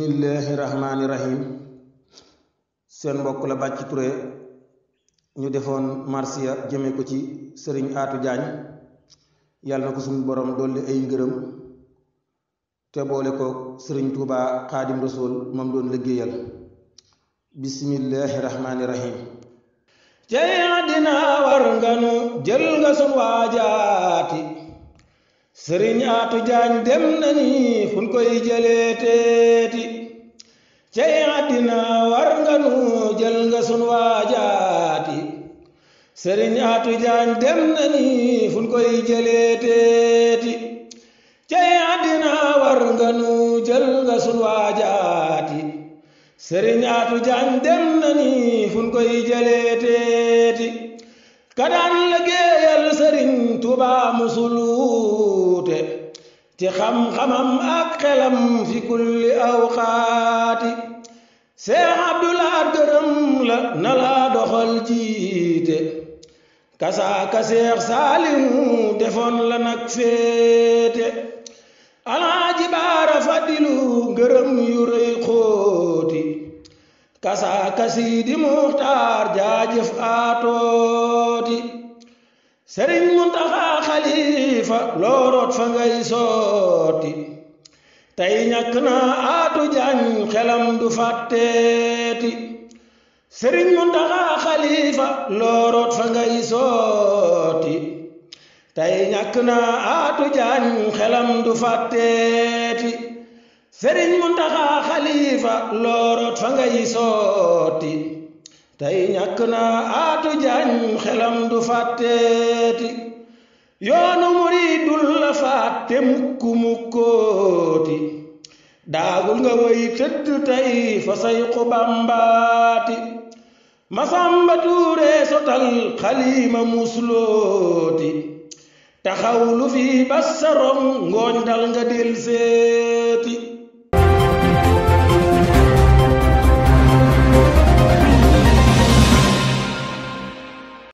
bismillaahi rahmaani rahim seen mbokk la Bathie Touré ñu defoon marsiya jëme ko ci sëriñ Aatu Jaañ yàlla na ko suñu borom dolli ay ngërëm te boole ko sëriñ Tuubaa Xaadim Rasuul moom doon liggéeyal bismillaahi rahmaani rahim jey àddina war nga nu jël nga sun waajaati sëriñ aatu jaañ dem na ni fun koy jëlee teeti cey àddina war nga nu jël nga sun waajaati sëriñ aatu jaañ dem na ni fun koy jëlee teeti cey àddina war nga nu jël nga sun waajaati sëriñ aatu jaañ dem na ni fun koy jëlee teeti ka daan liggéeyal sëriñ Tuubaa musul ci xam-xamam ak xelam fi kulli awqaati seex abdulaat gërëm la na laa doxal jiite kasaaka seex saalimu defoon la nag féete alaaji baara fadilu gërëm yu rëy xóoti kasaaka siidi muxtaar jaajëf aatooti sëriñ Muntaxa xalifa looroot fa ngay sooti tey ñàkk na aatu jaañ xelam du fàtteeti sëriñ Muntaxa xalifa looroot fa ngay sooti tey ñàkk na aatu jaañ xelam du fàtteeti sëriñ Muntaxa xalifa looroot fa ngay sooti tey ñàkk naa aatu jaañ xelam du fàtteeti yoonu murid dul la fàtte mukkooti daagul nga woy tëdd tey fa say xubambaati masamba tuure sotal xalima muslooti taxaw fi bassa rom ngooñ dal nga del